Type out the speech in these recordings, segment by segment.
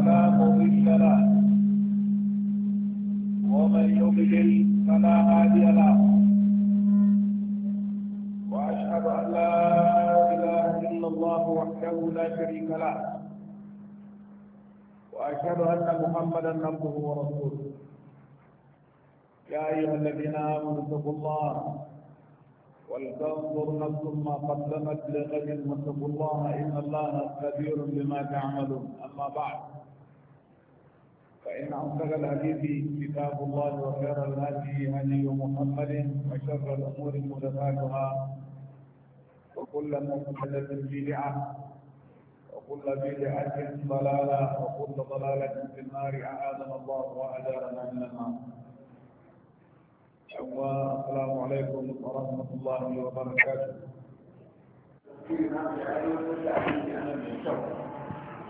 فلا مضل له ومن يضلل فلا هادي له واشهد ان لا اله الا الله وحده لا شريك له واشهد ان محمدا عبده ورسوله يا ايها الذين امنوا اتقوا الله ولتنظر نفس ما قدمت لغد واتقوا الله ان الله خبير بما تعملون اما بعد فإن أصدق الحديث كتاب الله وخير الهدي هدي محمد وشر الأمور محدثاتها وكل محدثة بدعة وكل بدعة ضلالة وكل ضلالة في النار أعاذنا الله وأجارنا من النار السلام عليكم ورحمة الله وبركاته.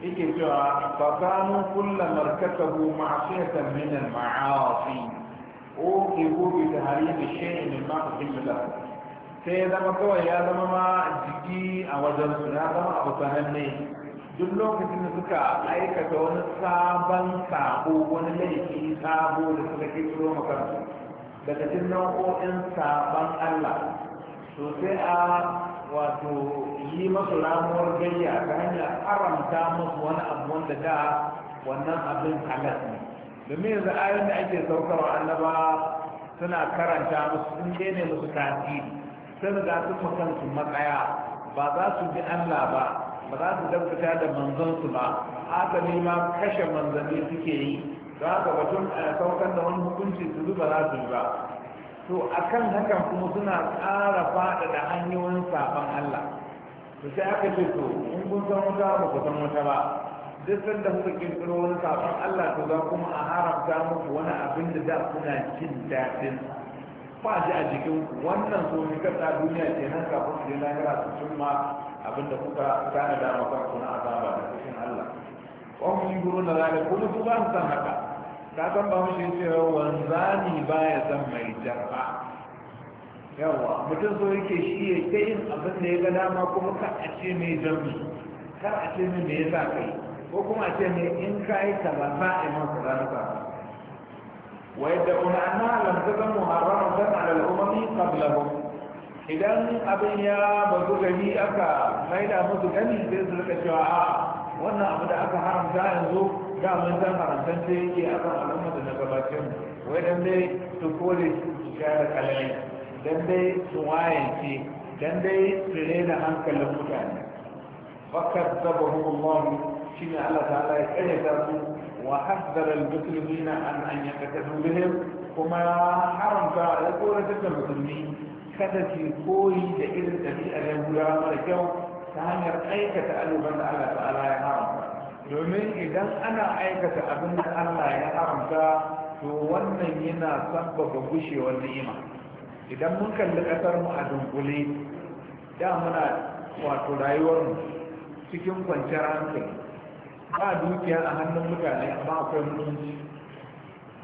yake cewa fakanu kulla markatahu ma'asiyatan min al-ma'asi o da bi tahrimi shay'in ma qim lahu sai zama kawai ya zama ma jiki a wajen su ya zama abu sananne duk lokacin da suka aikata wani sabon sabo wani laifi sabo da suka kirkiro makarsu daga cikin nau'o'in sabon Allah to sai a wato yi masu ramuwar gayya ta hanyar haramta musu wani abu wanda da wannan abin halas ne domin yanzu ayoyin da ake saukarwa annaba suna karanta musu sun daina musu tasiri sun riga sun matsaya ba za su bi allah ba ba za su dabbata da manzansu ba haka ne ma kashe manzanni suke yi za ka batun eh, saukar da wani hukunci su zuba za su yi ba to akan hakan kuma suna ƙara faɗaɗa hanyoyin saban Allah to sai aka ce to in kun san wuta ba ku san wata ba duk sanda kuka kirkiro wani saɓan Allah to za kuma a haramta muku wani abin da za kuna jin daɗin ba ji a jikin wannan so ne kasa duniya ke nan kafin su na lahira su cimma abin da kuka tana da maka kuna azaba da cikin Allah. Wani gurin da zaka kuma su ba su san haka. ka san ba mu shi cewa wanzani baya san mai jarfa yawa mutum so yake shi ya ke yin abin da ya ga dama kuma kan a ce mai jami kan a ce mai ya sa kai ko kuma a ce mai in ka yi kaza za a yi masa za ka wa yadda kuma an halar ta zan muharrama zan alal umami qablahum idan abin ya bazu gani aka maida musu gani sai su rika cewa a wannan abu da aka haramta yanzu daman ta haramtan ta yake a kan al'umma da na gabatin wai dan dai su kore su share kalalai dan dai su wayance dan dai su rena hankalin mutane fakar zaba hukumar shi ne allah ta'ala ya tsare ta su wa hasdara al-muslimina an an yakatadu bihim kuma haramta ya kore ta musulmi kada ki koyi da irin ɗabi'ar yahudawa mara kyau ta hanyar aikata alubar da allah ta'ala ya haramta domin idan ana aikata abin da Allah ya haramta to wannan yana sabbaba gushewar ni'ima idan mun kalli kasar mu a dunkule da muna wato rayuwar mu cikin kwanciyar hankali ba dukiya a hannun mutane amma akwai mutunci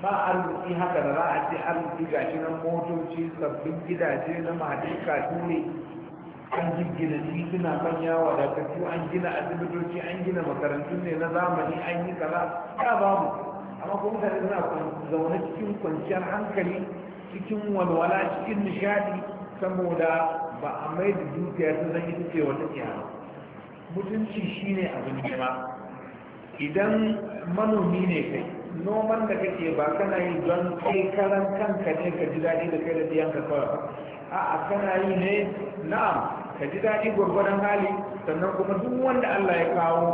ba arziki haka da za a ce arziki gashi na motoci sabbin gidaje na mahadi ne. an jirgina tituna wa wadatattu an gina asibitoci an gina makarantun ne na zamani an yi kaza ya ba mu amma kuma mutane suna zaune cikin kwanciyar hankali cikin walwala cikin nishadi saboda ba a mai da dukiya ta zan yi ce wata tsiyana mutunci shine abin nema idan manomi ne kai noman da kake ba kana yi don kai karan kanka ne ka ji daɗi da kai da biyan ka kawai a'a kana yi ne na'am ka ji daɗi gwargwadon hali sannan kuma duk wanda Allah ya kawo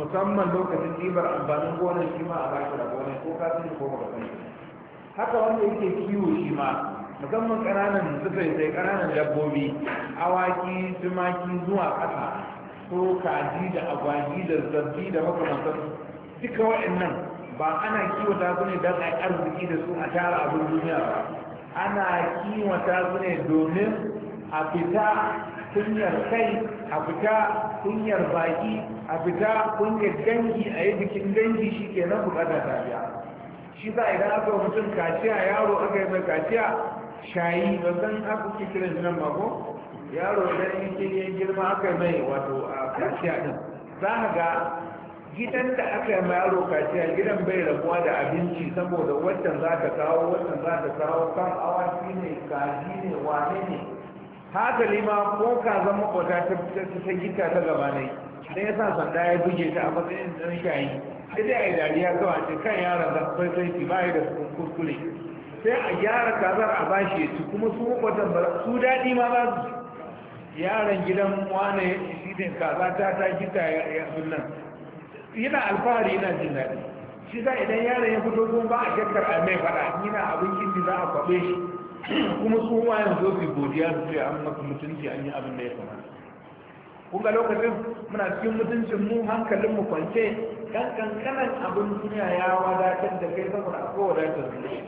musamman lokacin ɗibar amfanin gonar shi ma a bashi da gonar ko ka sani ko ba sani haka wanda yake kiwo shi ma musamman ƙananan sufai sai ƙananan dabbobi awaki tumaki zuwa ƙasa ko kaji da agwagi da zabbi da makamantar duka waɗannan ba ana kiwata su ne don a arziki da su a tara abin duniya ba ana kiwata su ne domin a fita kunyar kai a fita kunyar baki a fita kunyar dangi a yi bikin dangi shi ke nan bukatar tafiya shi za a idan aka mutum kaciya yaro aka yi mai kaciya shayi ba san aka ke kiran nan ba ko yaro yi ke yi girma aka yi mai wato a kaciya din za a ga gidan da aka yi mai yaro kaciya gidan bai rabuwa da abinci saboda wancan za ta kawo wancan za ta kawo kan awa ne kaji ne wane ne haka lima ko ka zama kwata ta ta gita ta gaba ne dan yasa sanda ya buge ta a matsayin dan shayi sai dai yi dariya kawai ce kan yaron da kai sai ki bayi da kuskure sai a gyara kazar a bashi ya ci kuma su kwata ba su daɗi ma ba su yaron gidan wane ne kaza ta ta gita ya nan. yana alfahari yana jin daɗi shi sa idan yaron ya fito kuma ba a shakkar a mai faɗa yana abin da za a kwaɓe shi kuma su ma yanzu su godiya su ce an maka mutunci an yi abin da ya kamata kun ga lokacin muna cikin mutuncin mu hankalin mu kwance kan kankanan abin duniya ya wadatar da kai saboda a kowa ta zuciya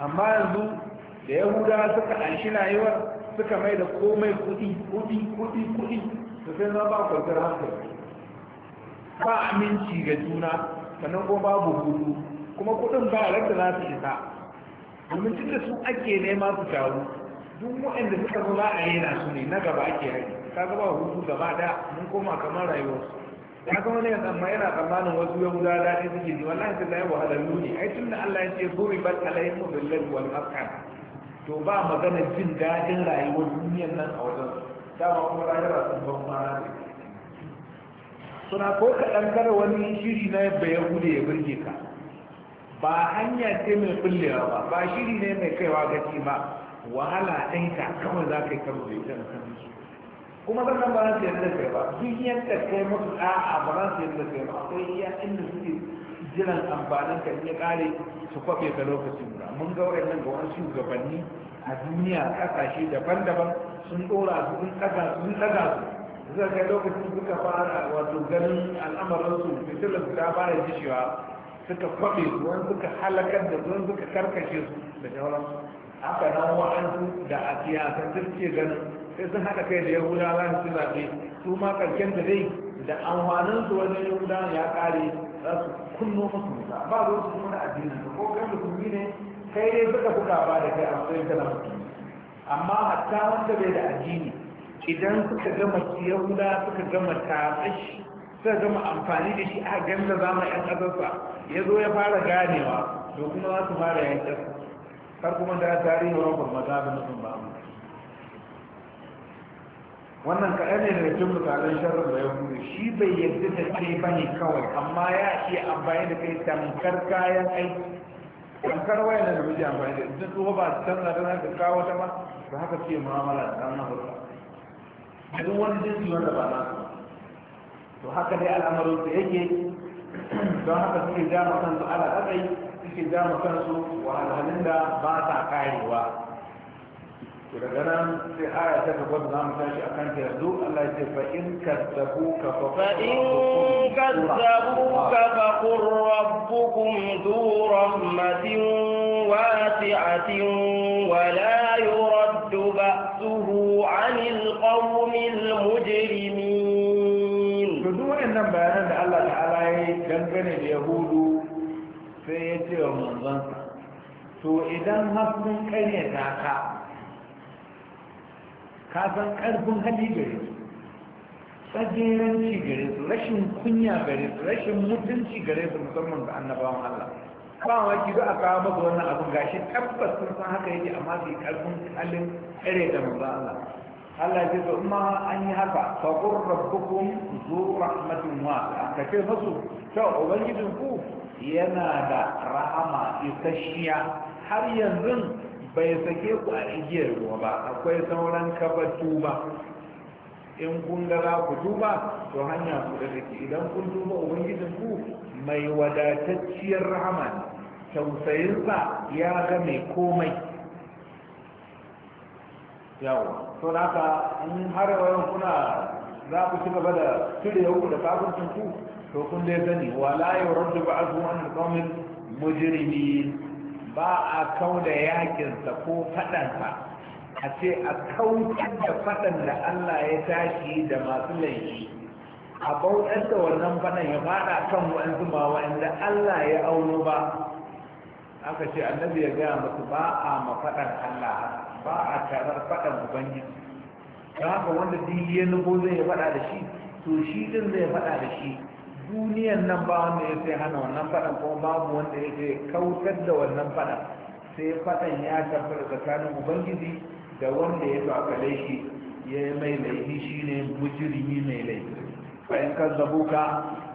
amma yanzu da yahuda suka anshi rayuwar suka mai da komai kudi kudi kudi kudi da sai za ba kwantar hankali ba aminci ga juna sannan ko babu hudu kuma kuɗin ba rasa za su isa domin tunda da su ake nema su taru duk waɗanda suka zo za a rena su ne na gaba ake haɗi ta gaba hutu gaba da mun koma kamar rayuwarsu ya kama ne amma yana tsammanin wasu yahuda guda ɗaya suke ji wallahi ta zai wahala nuni ai tun da allah ya ce zuri bat alayhi mu billahi wal maskan to ba magana jin daɗin rayuwar duniyar nan a wajen ma kuma rayuwa sun ban ma suna ko kaɗan kada wani shiri na ya gude ya birge ka ba hanya ce mai kullewa ba ba shiri ne mai kaiwa ga ba wahala ka kawai za ka yi kama bai ta kan su kuma zan ba za su yadda kai ba duk yadda kai musu a'a ba za su yadda kai ba akwai iya inda suke jiran amfanin ka ya kare su kwafe ka lokacin guda mun ga wayannan ga wani shugabanni a duniya kasashe daban-daban sun ɗora su sun ɗaga su sun ɗaga su zai lokacin suka fara wato ganin al'amuransu fitilar su ta fara jishewa suka faɗi su wani suka halakar da su wani suka karkashe su da shauran haka nan wa'ansu da a siyasance suke ganin sai sun haɗa kai da yahudawa su zaɓe su ma ƙarshen da dai da amfanin su wajen yahudawa ya ƙare za su kunno musu musa ba zo su kuma addini ko kan musulmi ne kai dai suka fuka ba da kai a matsayin kana mutum? amma hatta wanda bai da addini idan suka gama yahuda suka gama tatsashi sai gama amfani da shi a ganda zama yan kasarsa ya zo ya fara ganewa to kuma za su fara yan ƙasa har kuma da tarihi wa rabbar maza da nufin ba mu wannan kaɗan ne da cikin mutanen sharar da ya kuma shi bai yadda da ke bane kawai amma ya iya amfani da kai tamkar kayan aiki tamkar wayan da namiji amfani da ita tsoho ba su canza da haka kawo ta ba su haka ce mu'amala da ɗan na hulɗa duk wani jinsi wanda ba na su وهكذا الامر بهجه دونك في جامع سنت على ابي في جامع سنت وعلى هلندا باتا قايدوا كرغنان في آية تقول نام تاشي أكان تهدو الله يقول فإن كذبوك فإن كذبوك فقل ربكم ذو رحمة واسعة ولا يرد بأسه عن القوم المجرمين wannan bayanan da Allah ta'ala ya yi dangane da yahudu sai ya ce wa manzansa to idan hafin ƙarya ta ka ka san ƙarfin hali gare su tsagiranci gare su rashin kunya gare su rashin mutunci gare su musamman ga annabawan Allah ba ki za a kawo maka wannan abin gashi tabbas sun san haka yake amma bai ƙarfin halin ƙare da manzo Allah Allah ya ce ma an yi haka fa qur rabbukum zu rahmatin wasi'a ka ce musu to ubangijin ku yana da rahama isasshiya har yanzu bai sake ku a igiyar ruwa ba akwai sauran kabatu ba in kun ga za ku tuba to hanya ku da take idan kun tuba ubangijin ku mai wadatacciyar rahama tausayinsa ya ga mai komai Yau, to na ka in har wayan kuna za ku ci gaba da ture ku da kafin ku to kun dai sani wala yuraddu ba'dhu an qawmin mujrimin ba a kau da yakinsa ko fadansa a ce a kautar da fadan da Allah ya tashi da masu laifi a bautar da wannan fadan ya fada kan wa'ansu ba wa'anda Allah ya auno ba aka ce annabi ya gaya musu ba a mafadan Allah haka ba a tarar faɗan ubangiji ta haka wanda duk ya nubo zai faɗa da shi to shi din zai faɗa da shi duniyan nan ba wanda ya sai hana wannan faɗan kuma babu wanda ya sai kautar da wannan faɗan sai faɗan ya tabbata tsakanin ubangiji da wanda ya bakale shi ya yi mai laifi shi ne bujirimi mai laifi fa'in kan zabuka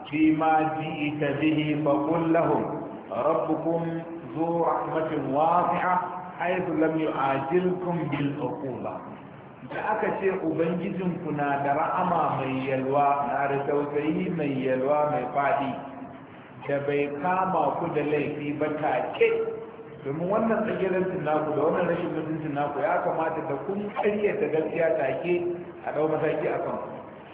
fi ma ji ita bihi fa kullahum rabbukum ذو rahmatin wasi'a haythu lam yu'ajilkum bil uquba da aka ce ubangijinku na da ra'ama mai yalwa na da tausayi mai yalwa mai fadi da bai kama ku da laifi ba take domin wannan tsagirancin naku da wannan rashin mutuncin naku ya kamata da kun karyata gaskiya take a dau mataki a kan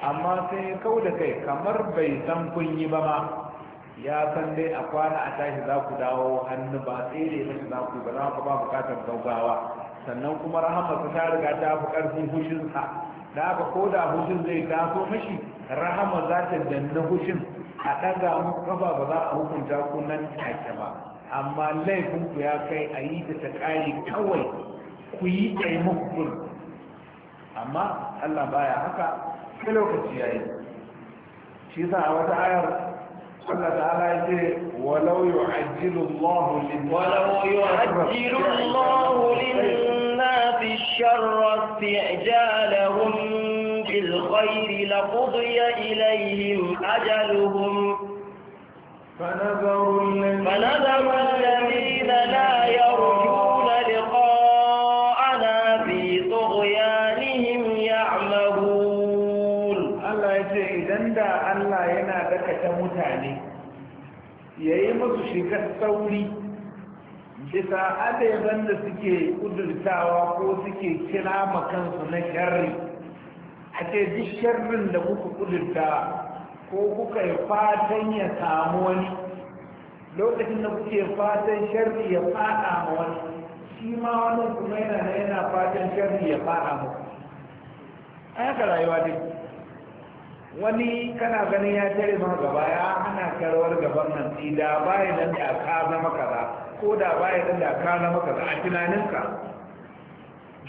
amma sai kau da kai kamar bai san kun yi ba ma ya san dai a kwana a tashi za ku dawo hannu ba tsere mashi za ku ba za ku ba bukatar gaugawa sannan kuma rahama ta riga ta fi ƙarfin hushinsa da aka ko da hushin zai taso mashi rahama za ta danna hushin a ɗaga muku kafa ba za a hukunta ku nan take ba amma laifin ku ya kai a yi ta ta kawai ku yi taimakon amma allah baya haka sai lokaci ya yi shi sa a wata ayar قال تعالى ولو يعجل الله ولو يعجل الله للناس الشر استعجالهم بالخير لقضي إليهم أجلهم فنذر الذين ta mutane ya yi masu shekar sauri bisa adaban da suke kudurtawa ko suke kira kansu na shari a ce duk shirin da kuka kudurta ko kuka yi fatan ya samu wani lokacin da kuke fatan shari ya fada ma wani shi ma wani kuma yana yana fatan shari ya fada muku An yaka rayuwa dai wani kana ganin ya tare ma gaba ya hana karwar gaban nan da baya nan da ka zama kaza ko da baya nan da ka zama kaza a tunaninka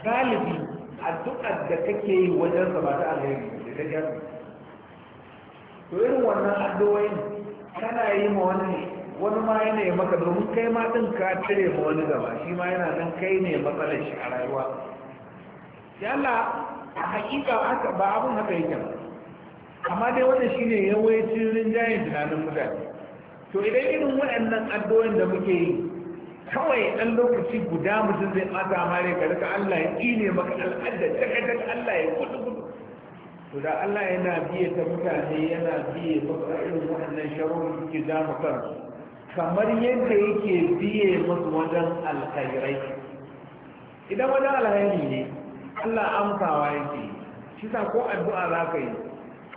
galibi addu'ar da kake yi wajen sa ba ta alheri da ta gani to irin wannan addu'o'in kana yi ma wani wani ma yana yi maka domin kai ma din ka tare ma wani gaba shi ma yana nan kai ne matsalar shi a rayuwa Yalla, Allah a hakika ba abun haka yake ba amma dai wannan shine yawancin rinjayen tunanin mutane to idan irin waɗannan addu'o'in da muke yi kawai ɗan lokaci guda mutum zai ɓata mare ka rika Allah ya ƙine maka al'adda takaitar Allah ya kudu kudu to da Allah yana biye ta mutane yana biye maka irin waɗannan sharon suke damu kansu kamar yadda yake biye masu wajen alkhairai idan wajen alkhairi ne Allah amsawa yake shi sa ko addu'a za ka yi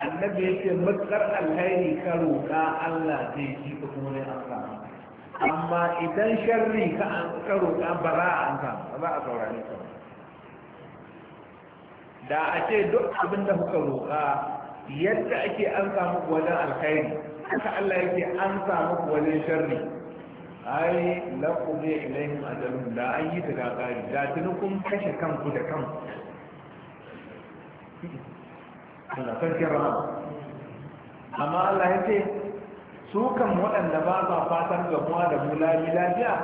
annabi ya ce matsar alhairi ka roƙa Allah zai ji ka kuma ne an samu amma idan sharri ka an roƙa ba za a an samu ba a saurare ka da a ce duk abin da kuka roƙa yadda ake an samu wajen alkhairi haka Allah yake an samu wajen sharri ai laqubi ilaihim ajalun da an yi ta gagari da tunukun kashe kanku da kanku Allah sarkin rahama amma Allah ya ce su kan waɗanda ba sa fatan gamuwa da mu lafiya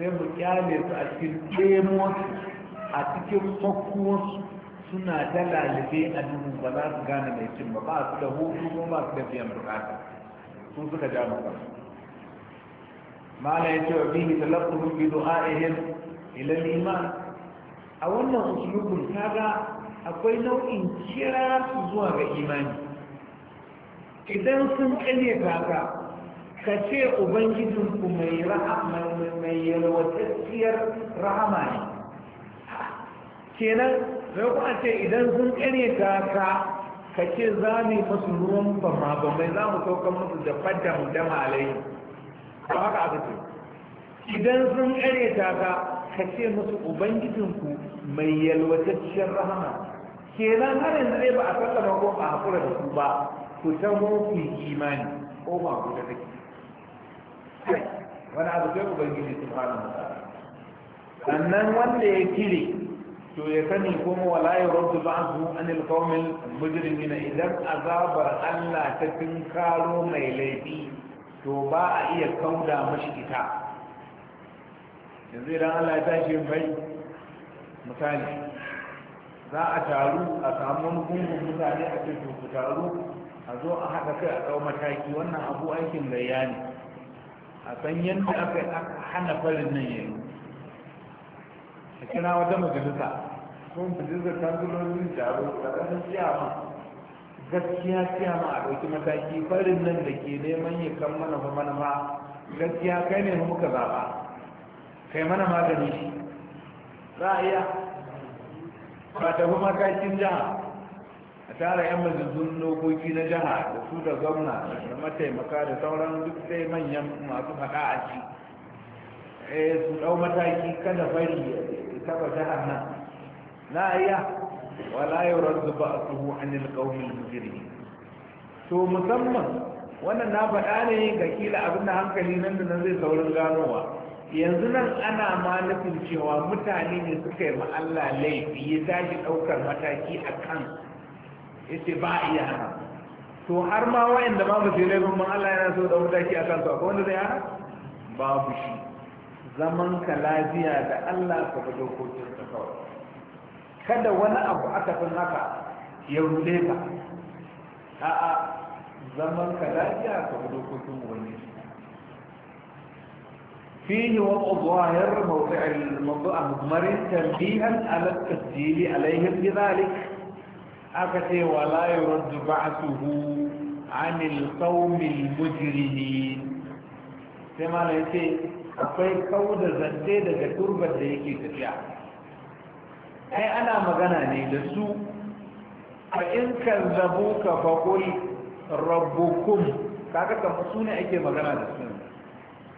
sai mu kyale su a cikin ɗemonsu a cikin fakkuwarsu suna ta lalibe a duhu ba za su gane mai cin ba ba su da hutu ko ba su da biyan bukata sun suka ja mu kan mala ya ce wa bihi talaffuhum bi du'a'ihim ila al-iman a wannan usulubun kaga akwai nau'in kira zuwa ga imani idan sun kane kaka ka ce ubangijinku mai yalwatacciyar rahama ne kenan zai kuma ce idan sun kane kaka ka ce za mu masu ruwan bama mai za mu saukan musu da fadam da malai ba haka abu ce idan sun kane kaka ka ce musu ubangijinku mai yalwatacciyar rahama kenan har yanzu dai ba a sallama ko a hakura da su ba ku ta ku imani ko ba ku ta take wani abu sai ubangiji su fara ta'ala sannan wanda ya kire to ya sani kuma wala ya an su anil qawmil mujrimina idan azabar Allah ta karo mai laifi to ba a iya kauda mashi ita yanzu idan Allah ya tashi bai misali za a taru a samu wani gungun mutane a ce ku taru a zo a haɗa kai a ɗau mataki wannan abu aikin gayya ne a san yadda aka hana farin nan ya yi a kira wata majalisa kuma majalisar ta zuwa yin taro a ƙasar ciyama gaskiya ciyama a ɗauki mataki farin nan da ke neman ya kan mana fa mana ma gaskiya kai ne muka zaɓa kai mana magani shi za a iya ba ta fi matakin jiha a tara yan majalisun dokoki na jiha da su da gwamna da mataimaka da sauran duk sai manyan masu faɗa a ci eh, su ɗau mataki kada fari ya taɓa jihar nan na iya wala yau ranzu ba a a anil ƙaunin jirgi to musamman wannan na faɗa ne ga kila abin da hankali nan da nan zai saurin ganowa yanzu nan ana ma nufin cewa mutane ne suka yi Allah laifi ya tashi ɗaukar mataki a kan ya ba a iya hana to har ma wayan da babu sai laifin ma Allah yana so da mataki a su akwai wanda zai hana babu shi zaman ka lafiya da Allah ka bi dokokin ka kawai kada wani abu aka san haka ya rude ka a'a zaman ka lafiya ka bi dokokin ubangiji فيه وضع ظاهر موضع الموضوع مضمر تنبيها على التسجيل عليهم بذلك أكثر ولا يرد بعثه عن القوم المجرمين كما نسي أقول قود زنتيدة تربة ديكي تجاه أي أنا مغناني لسوء فإن كذبوك فقل ربكم كاكا تفصوني أكي مغنى لسوء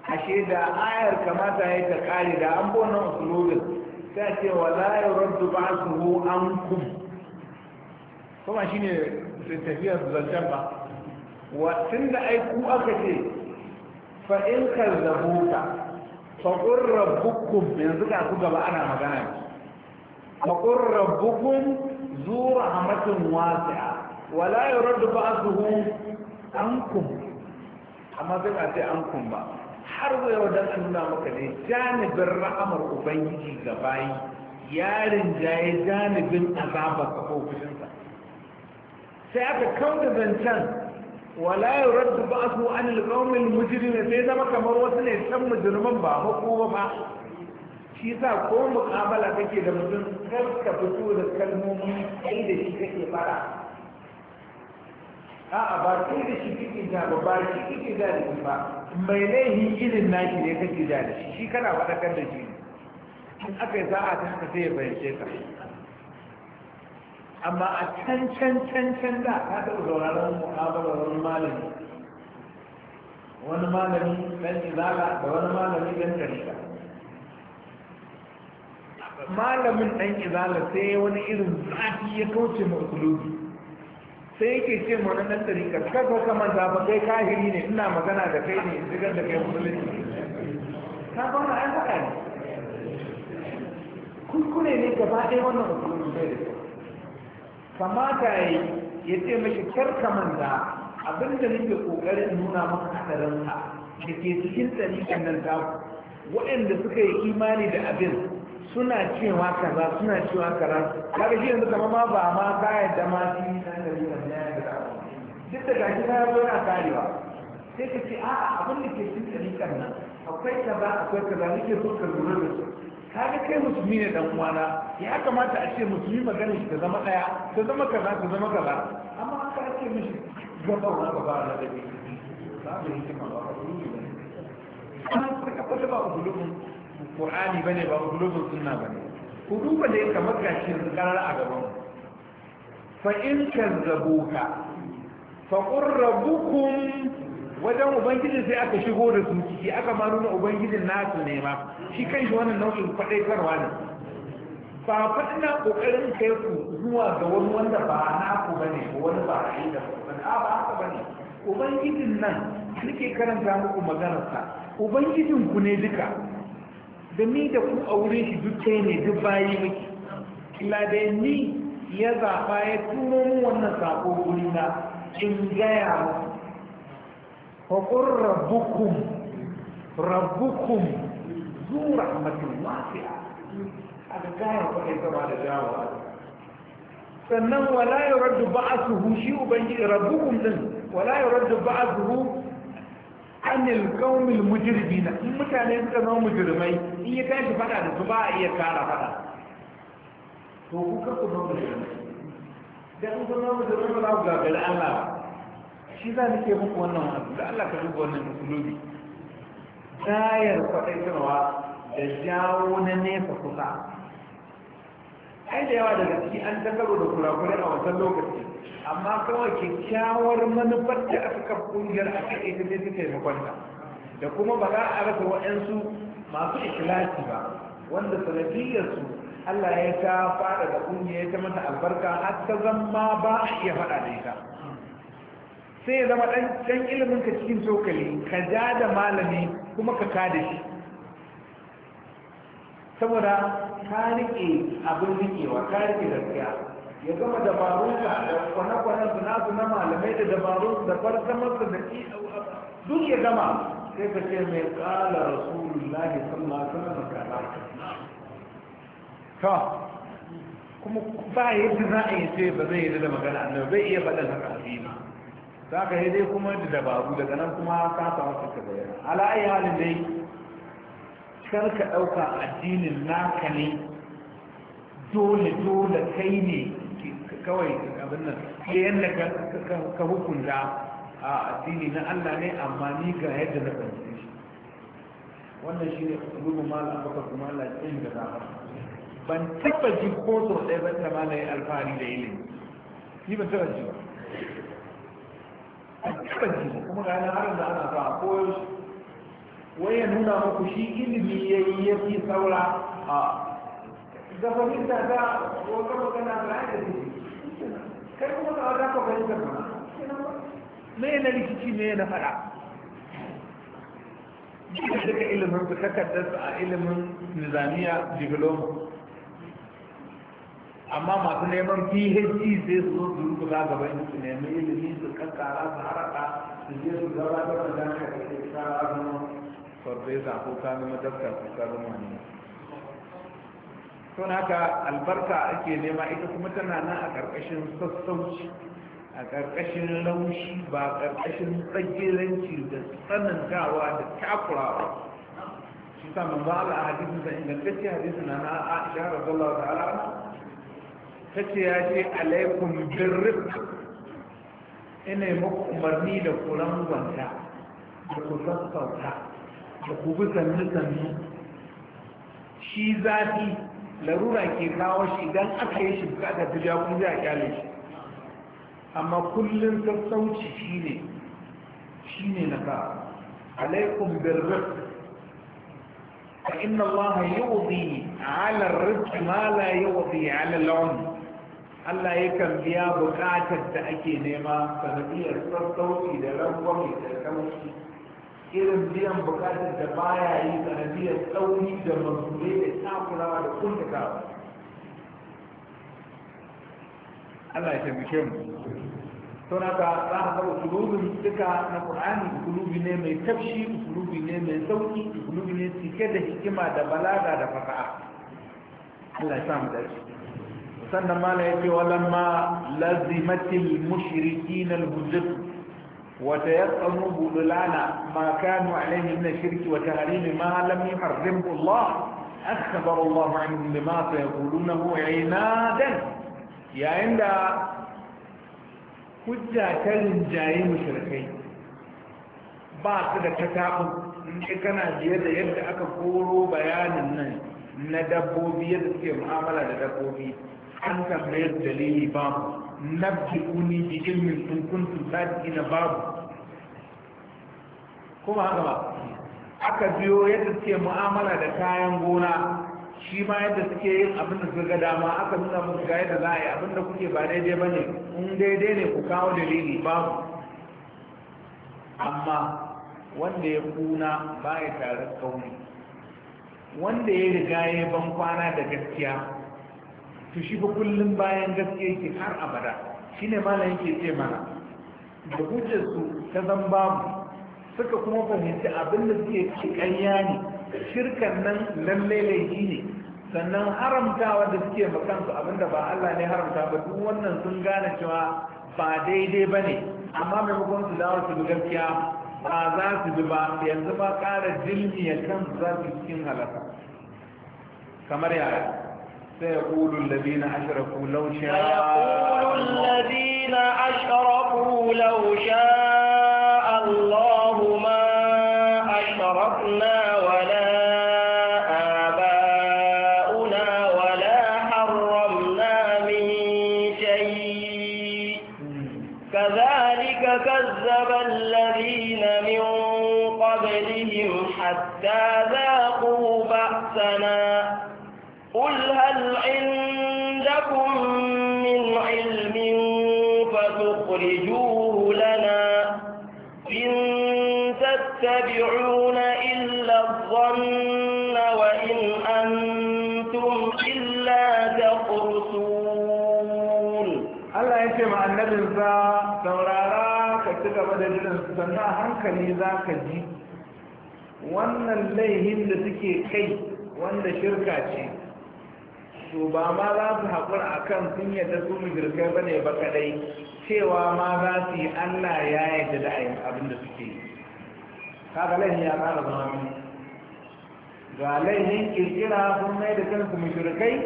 ashe da ayar kamata ya ta kare da an bonan usulobin ta ce wa layar rabdu ba su hu an kum kuma shi ne tafiyar zancen ba wa tun da aiku aka ce fa'in ka zabuta faƙon rabbukun yanzu ka ku gaba ana magana ne faƙon rabbukun zuwa hamatin wasi'a wa layar rabdu ba su hu an kum amma sai ba ce an kum ba har wa yau don nuna maka ne janibin ra'amar ubangiji ga bayi yarin jaye janibin azabar kafofinsa sai aka kauda zancen wala yau raddu ba su an alƙaumin mujirina sai zama kamar wasu ne san mujirman ba makoma ba shi sa ko mukabala kake da mutum kar ka fito da kalmomin kai da shi kake fara a'a ba kai da shi kike ja ba ba shi kike ja da shi ba mai laihin irin naki ne kake ja da shi shi kana faɗakar da shi in aka yi a ta haka sai ya bayyance ka amma a can can can can da ka taɓa sauraron mu'amalar wani malami wani malami ɗan izala da wani malami dan karita malamin ɗan izala sai wani irin zafi ya kauce ma kulubi sai yake ce mana nan tarika kafa kama za ba kai kahiri ne ina magana da kai ne in da kai musulunci ka ba na an faɗa ne kuskure ne gaba ɗaya wannan musulunci bai da kamata ya yi ya ce mashi kyar kaman za abinda nake kokarin nuna maka hadarin da ke cikin tsari kan nan ta waɗanda suka yi imani da abin suna cewa kaza suna cewa kaza kaga shi yanzu kamar ma ba ma ka yadda ma shi na gari ya yadda duk da gashi na yazo yana karewa sai ka ce a'a abin da ke cin tsarikan nan akwai kaza akwai kaza nake so ka lura da su kaga kai musulmi ne dan uwana ya kamata a ce musulmi magana shi ta zama daya ta zama kaza ta zama kaza amma aka ce mishi gaba wa gaba na da ne babu hikima ba ba ne ba ba ba ba ba ba ba ne ba ulubul sunna ne. ku duba da yake magashin karar a gaban fa in kazzabuka fa rabukun wajen ubangijin sai aka shigo da su ciki aka ma nuna ubangijin nasu ne ma shi kan shi wannan nau'in karwa ne ba faɗi na ƙoƙarin kai ku zuwa ga wani wanda ba naku ba ne ko wani ba a yi da ba a ba haka ba ne ubangijin nan nake karanta muku maganarsa ubangijin ku ne duka da ni da ku a wurin shi duk kai ne duk bayi miki illa dai ni ya zaɓa ya turo mu wannan saƙo na. in gaya mu faƙon rabbukum rabbukum zu rahmatin wasi'a a ga gaya kwaɗai sama da dawa sannan wala ya raddu ba'asuhu shi ubangiji rabbukum din wala ya raddu ba'asuhu anil qaumil mujrimina in mutane suka zama mujrimai in ya tashi fada da su ba a iya kara fada to ku ka ku zama mujrimai da in kun zama mujrimai ba za ku gagari Allah ba shi za ni nake muku wannan wasu da Allah ka duba wannan musulubi tayar faɗaitarwa da jawo na nesa kusa ai da yawa daga ciki an tagaro da kurakurai a wasan lokaci amma kawai kyakkyawar manufar da aka kan kungiyar a kai ita ce take makonta da kuma ba za a rasa waɗansu masu ikilasi ba wanda sanadiyarsu Allah ya ta fara da kungiyar ya ta mata albarka har ta zama ba a iya faɗa da ita sai ya zama ɗan ilimin ka cikin cokali ka ja da malami kuma ka ka da shi saboda ka riƙe abin riƙewa ka riƙe gaskiya ya gama dabarunsa da kwane-kwanen su nasu na malamai da dabarun da farsamarsa da ki duk ya gama sai ka ce mai kala rasulullahi sallallahu alaihi wasallam kala kuma ba yadda za a yi sai ba zai yi da magana annabi zai iya faɗin haka addini za ka yi dai kuma da dabaru daga nan kuma ka wasu suka bayyana ala ayi halin dai kar ka ɗauka addinin naka ne dole dole kai ne kawai abin nan sai yadda ka hukunta a addini na Allah ne amma ni ga yadda na fahimci shi wannan shi ne rubin malam baka kuma Allah ya tsaye da zama ban taba ji ko sau ɗaya ban taba na yi alfahari da ilimi ni ban taba ji ba a taba ji kuma ga yana harin da ana sa ko wai ya nuna muku shi ilimi ya yi ya fi saura a da fahimta ta ko kama kana da ake da shi kai kuma za ka me na rikici me na faɗa duka duka su a ilimin nizamiya diploma amma masu neman phd sai su zo su rubuta gaban su nemi ilimi su kankara su haraka su je su gabatar da jami'a da ke sa zama farfesa ko kanu zama ko ka sun haka albarka ake nema ita kuma tana nan a ƙarƙashin sassauci a ƙarƙashin laushi ba ƙarƙashin tsagiranci da tsanantawa da takurawa shi sa manzo Allah a hadisin da ingantacce hadisu na Aisha da Allah, ta Ta ce ya ce alaikun birrik ina yi muku umarni da kuran rangwanta da ku sassauta da ku bi sannu sannu shi zafi larura ke kawo shi idan aka yi shi bukatar ta ja kuma za a kyale shi amma kullum sassauci shine shine na ka alaikum birrik fa inna allaha yu'ti 'ala ar-rizqi ma la yu'ti 'ala al-'unf Allah yakan biya bukatar da ake nema sanadiyar sassauci da rangwame da kauci irin biyan bukatar da baya yi sanadiyar tsauri da mazuri da takurawa da kuntakawa Allah ya taimake mu to ka za ka ga usulubin duka na Qur'ani usulubi ne mai tafshi usulubi ne mai sauki usulubi ne cike da hikima da balaga da fasaha Allah ya sa mu dace sannan ma la yake walamma lazimatil mushrikin al-hujjatu وتيقنوا بلالان ما كانوا عليه من الشرك وتهريم ما لم يحرمه الله اخبر الله عنهم بما سيقولونه عنادا يا عند كجا تلن جاي مشركين بعد كده تتاقب كان بيد يد اكفور بيان الناس ندبوا بيد في معاملة ندبوا بيد أنت بيد دليل باب نبجئوني بإلم إن كنتم صادقين بابه kuma haka ba aka biyo yadda suke mu'amala da kayan gona shi ma yadda suke yin abin da suka dama aka nuna musu ga yadda za a yi abin da kuke ba daidai ba ne in daidai ne ku kawo dalili ku. amma wanda ya kuna ba ya tare kauni wanda ya riga ya ban kwana da gaskiya to shi ba kullum bayan gaskiya yake har abada shi ne malam yake ce mana da hujjar su ta zan babu suka kuma fahimci abin da suke ce ƙarya ne shirkan nan lallai laifi ne sannan haramtawa da suke makansu abinda da ba Allah ne haramta ba duk wannan sun gane cewa ba daidai ba ne amma maimakon su dawo su bi gaskiya ba za su bi ba yanzu ba ƙara ya kan za su cikin halaka kamar yaya سيقول الذين أشركوا لو شاء سيقول الذين أشركوا لو شاء sannan hankali za ka ji wannan laihin da suke kai wanda shirka ce su ba ma za su haƙura a kan sun yadda su mujirkai ba ne ba kaɗai cewa ma za su yi allah ya yadda da ayin abin da suke yi kaga laihin ya ƙara zama mini ga laihin ƙirƙira sun mai da kansu mujirkai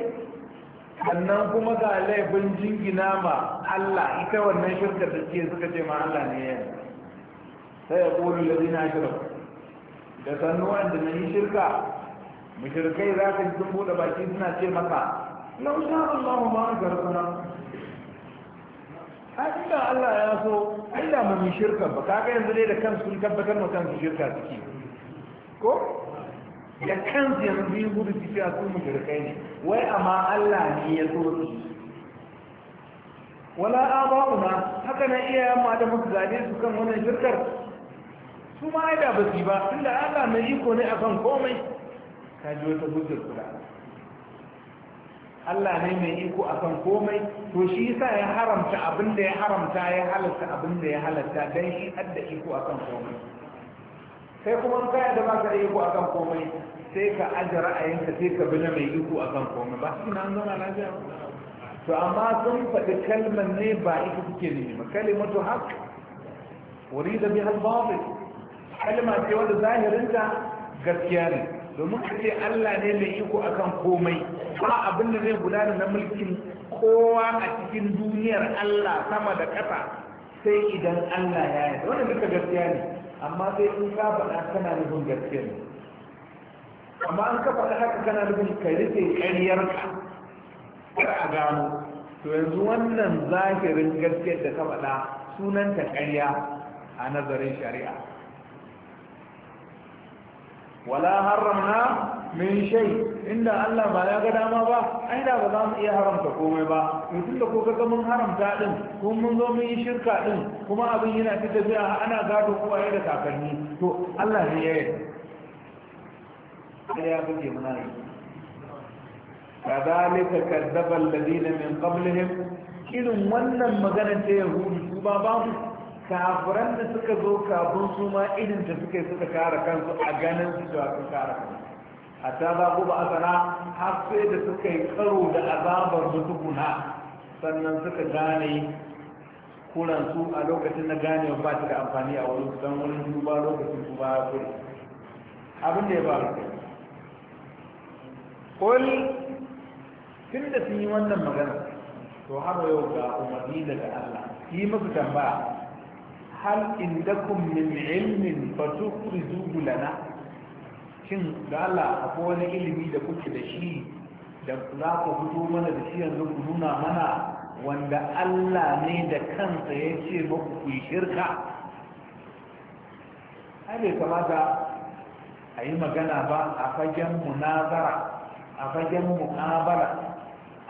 sannan kuma ga laifin jingina ma allah ita wannan shirkar da suke suka ce ma allah ne yanzu sai ya ƙoli da na shirin da sannuwan da na yi shirka mashirkai za ka sun buɗe baki suna ce maka Lausa Allah ma an garzana a inda allah ya so inda mun yi shirka ba ga yanzu ne da kansu sun tabbatar ma kansu shirka suke ko da kansu yanzu yi gudu a sun mashirkai ne wai amma allah ne ya so su wala ba haka na iyayen yamma da muka zabe su kan wannan shirkar su ma ya da basu ba da Allah mai iko ne akan komai ka ji wata hujjar kula Allah ne mai iko akan komai to shi yasa ya haramta abin da ya haramta ya halatta abin da ya halatta dan shi adda iko akan komai sai kuma ka da ka da iko akan komai sai ka ajiye ra'ayinka sai ka bi na mai iko akan komai ba shi na zama lafiya to amma sun faɗi kalmar ne ba ita suke ne ba kalimatu haqq وريد بها الباطل kalma ce wanda zahirinta gaskiya ne domin ka ce Allah ne mai iko akan komai ba abin da zai gudana na mulkin kowa a cikin duniyar Allah sama da ƙasa sai idan Allah ya yi wannan duka gaskiya ne amma sai in ka faɗa kana nufin gaskiya ne amma an ka faɗa haka kana nufin ka rufe ƙaryarka kar a gano to yanzu wannan zahirin gaskiyar da ka faɗa sunanta ƙarya a nazarin shari'a wala haramna min shay inda Allah ba ya ga dama ba ai da ba za mu iya haramta komai ba mutum da ko ga mun haramta din ko mun zo mun yi shirka din kuma abin yana ta tafiya ana gado uwaye da kakanni to Allah ne ya yi ya buge mana ne kadhalika kadzaba alladhina min qablihim irin wannan magana ta yahudu su ba babu kafiran da suka zo kafin su ma irin da suka yi suka kare kansu a ganin su da sun kare kansu ta za ku ba sana har sai da suka yi karo da azabar mutukuna sannan suka gane kuransu a lokacin na gane ba da amfani a wani don wani duba lokacin su ba kure abin da ya ba su kul tun da sun yi wannan magana to har yau ga umarni daga Allah yi musu tambaya hal indakum min ilmin fa tukhrijuhu lana kin da Allah akwai wani ilimi da kuke da shi da za ku fito mana da shi yanzu ku nuna mana wanda Allah ne da kansa ya ce muku ku shirka ai bai kamata a yi magana ba a fagen munazara a fagen mu'amala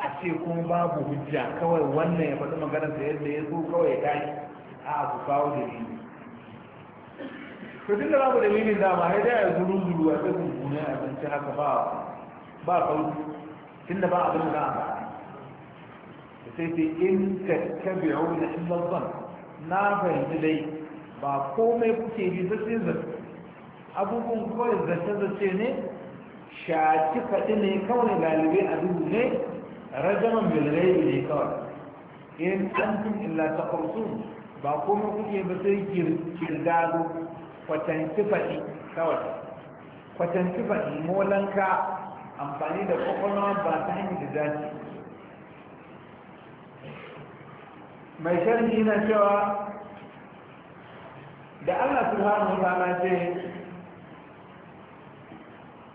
a ce kuma babu hujja kawai wannan ya faɗi maganar da yadda ya zo kawai ya tashi a ku kawo da ni to tun da babu dalilin dama sai dai a guru guru a ta gungune a zance haka ba ba kauci tun da ba abin da ba a faɗa sai sai in tattabi'u na illan zan na fahimci dai ba komai kuke bi zace zace abubuwan kawai zace zace ne shaci faɗi ne kawai galibai a duhu ne rajaman bilgaibi ne kawai in antum illa ta taqrusun ba kuma kuke ba sai kirgado kwatanci faɗi kawai kwatanci faɗi molanka amfani da kwakwalwa ba ta hanyar da dace mai sharhi na cewa da allah subhanahu wa na ce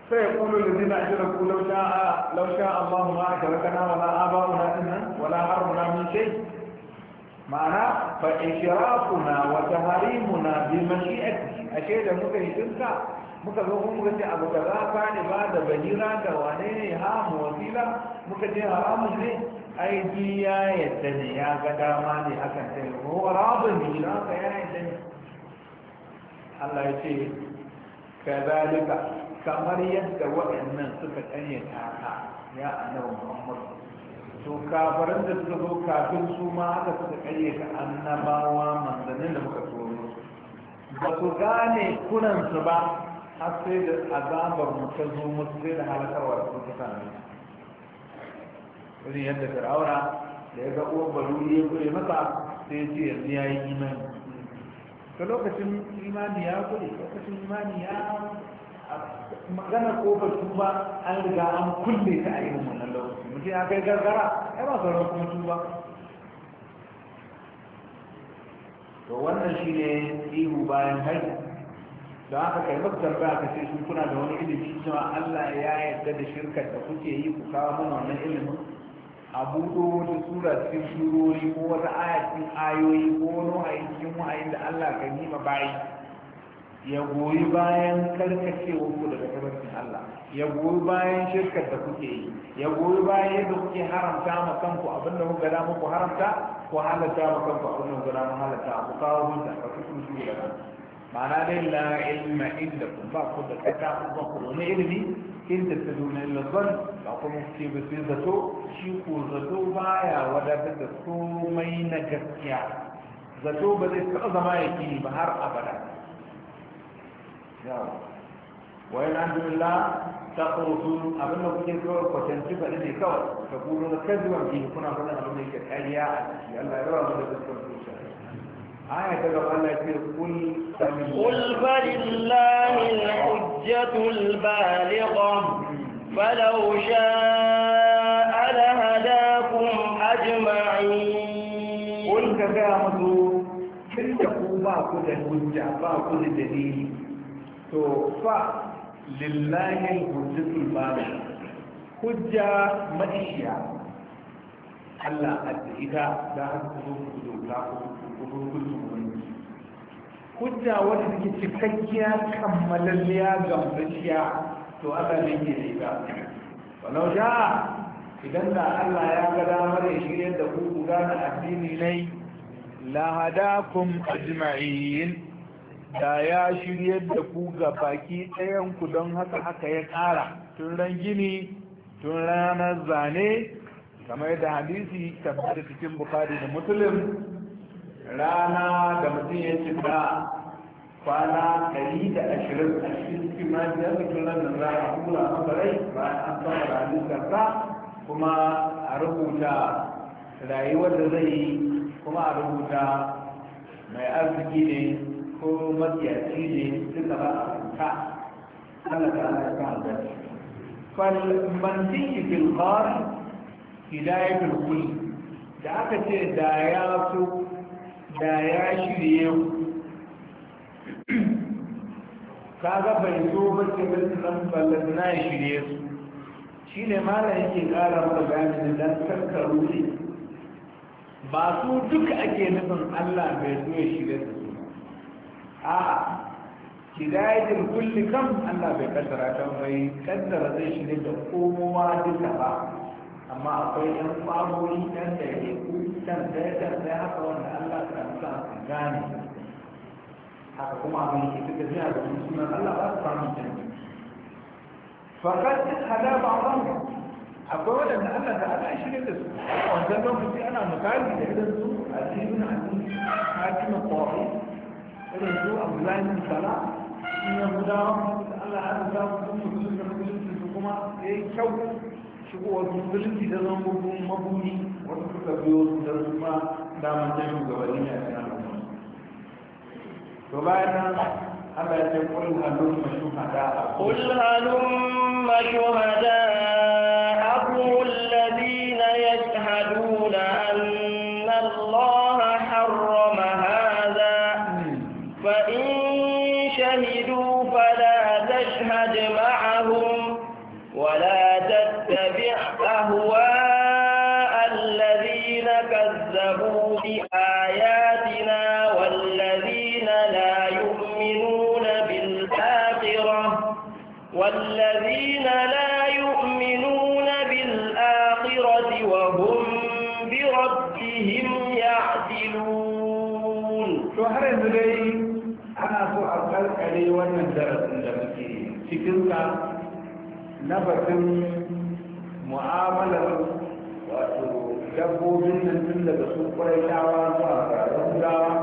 sai kullu lidina ajraku law sha'a law sha'a allah ma kyarkana wala aba'una inna wala harmuna min shay' ma'ana fa inshirafuna wa taharimuna bi mashi'ati ashe da muka yi shirka muka zo kuma muka ce abu kaza ka ne ba da bahira da wane ne ha mu wasila muka ce haramun ne ai ji ya yadda ne ya ga dama ne hakan sai ko rabin ne ya ka ya yadda ne Allah ya ce kadalika kamar yadda waɗannan suka kanyata ka ya annabi Muhammad to kafaran da suka zo kafin su ma haka suka kayyata annabawa manzannin da muka tsoro ba su gane kunansu ba har sai da azabar mu ta zo musu sai da halakarwa da suka sami irin yadda Firaura, da ya ga uwan baluri ya kure masa sai ya ce yanzu ya yi imani ta lokacin imani ya kure lokacin imani ya magana kofar tuba an riga an kulle ta a irin wannan mutum ya kai gargara ya ba sauran kuma tuba to wannan shi ne ihu bayan hari don haka kai maka tambaya ka ce kuna da wani ilimi cewa Allah ya yarda da shirkar da kuke yi ku kawo mana wannan ilimin a buɗo wata sura cikin surori ko wata aya cikin ayoyi ko wani wahayi cikin wahayin da Allah kan yi ma bayi ya goyi bayan karkacewa ku daga tabarkin Allah ya goyi bayan shirkar da kuke yi ya goyi bayan yadda kuke haramta ma kanku abin da kuka dama ku haramta ku halatta ma kanku abin da kuka dama halatta ku kawo mun da ku su shi da ma'ana dai la ilma inda kun ba ku da kaka ku ba ku wani ilimi in da ta duna illa zan ba kuma ce ba sai zato shi ko zato baya wadatar da komai na gaskiya zato ba zai taɓa zama yakini ba har abada نعم. وإن عند الله تقول رسول أبن مبتين كور وتنسيب الذي كور تقولون كذبا في كنا فضا أبن إيكا كاليا الله يرى الله يذكر آية تقول الله يتبير قل قل فلله الحجة البالغة فلو شاء لهداكم أجمعين قل كفاهم كل تقوبا كل الحجة فاقل الدليل to fa lillahi hujjatul bani hujja maishiya Allah adda ita da har ku zo ku doka ku ku ku hujja wanda take cikakkiya kammalalliya gamsashiya to Allah ne ke riga walau ja'a idan da Allah ya ga damar ya shirya da ku gudanar addini ne lahadakum ajma'in da ya shiryar da ku ga baki ku don haka haka ya ƙara tun ran gini tun ranar zane kamar da hadisi tabbata cikin bukari da musulun rana da mutum ya shiga kwana ɗari da ashirin a cikin cikin da cikin ranar za a kula a barai da an fara hadisansa kuma a rubuta rayuwar da zai yi kuma a rubuta mai arziki ne ko mafiyaci ne duka ba a ka Allah ta ala ta albarka fal mantiki fil qari hidayatul kul da aka ce da ya so da ya shirye kaga bai so ba ce mutum san ballan na ya shirye su shi ne malam yake kara mana bayanin dan karkaru ne ba su duka ake nufin Allah bai so ya shirye su a hidayatin kulli kam Allah bai kaddara kan bai kaddara zai shirye da komowa duka ba amma akwai yan fagori dan da ke kusan da ya da haka wanda Allah ka sa su gane haka kuma abin da ke tafiya da sunan Allah ba su samu canji fakat hada ba'dan akwai waɗanda Allah ta ala shirye da su wancan lokaci ana misali da irin su a cikin hadisi hatimin qawmi irin su abdullahi bin sala sun yahudawa da allah ya rubuta sun musulun da musulunci su kuma ya yi kyau shigowar musulunci da zama mugun mabuni wasu suka biyo su da kuma damar jan shugabanni a cikin al'umma to bayan nan allah ya ce kullum halumma shuhada kullum halumma shuhada to har yanzu dai ana so a karkare wannan darasin da muke cikin ka na batun mu'amalar wato dabbobin nan tun daga su kwarai shawa zuwa tsaron dawa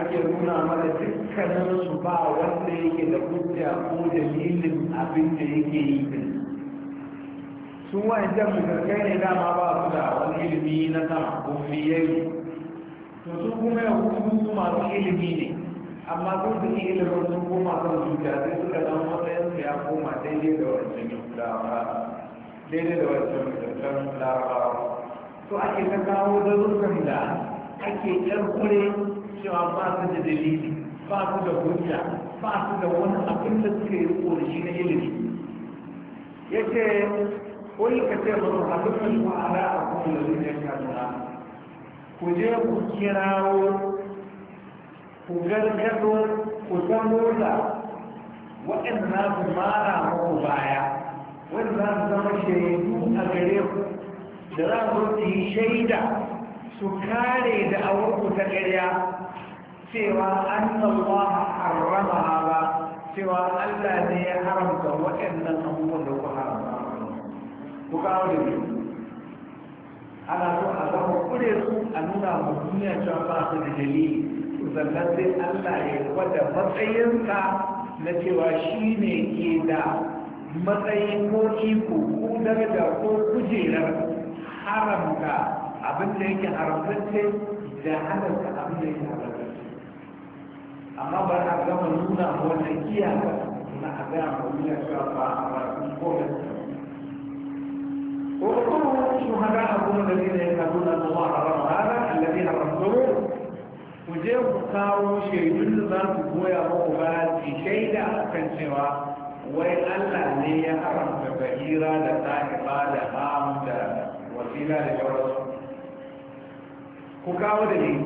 ake nuna mana dukkanin su ba wanda yake da hujja ko dalilin abin da yake yi sun wa'in wa'ancan mutarkai ne dama ba su da wani ilimi na sama ko fiye to su kuma ya hukumu su masu ilimi ne amma sun su yi ilimin sun koma kan zuciya sai ka zama matsayinsu ya koma daidai da wancan daidai da wancan mutattan larabawa to ake ta kawo darussan da ake kure cewa ba su da dalili ba su da hujja ba su da wani abin da suka yi ƙorashi na ilimi ya ce yi ka ce mutum abin da shi ma'ana a kuma da zuciya ta ku je ku kirawo ku gargado ku zamo da waɗanda za su mara muku baya wanda za su zama shaidu a gare ku da za su yi shaida su kare da awarku ta ƙarya cewa an tsawa harrama ba cewa Allah ne ya haramta waɗannan abubuwan da ku haramta ku kawo da biyu ana so a zama kure su a nuna ma duniya cewa ba su da dalili sannan sai Allah ya gwada matsayinka na cewa shi ne ke da matsayi ko iko ko daraja ko kujerar haramka abin da yake haramtacce da halarta abin da yake haramtacce amma ba a gama nuna wannan kiyaka na a gaya ma cewa ba a ko da واقتلوا شهداءكم الذين يشهدون ان الله حرم هذا الذي حرمتموه وجيب كاو شهدون ذات بويا وقبال في شيء كان سوى وين الله لي حرم كبيرة لتائبة لهام وسيلة لجرس كوكاو دليل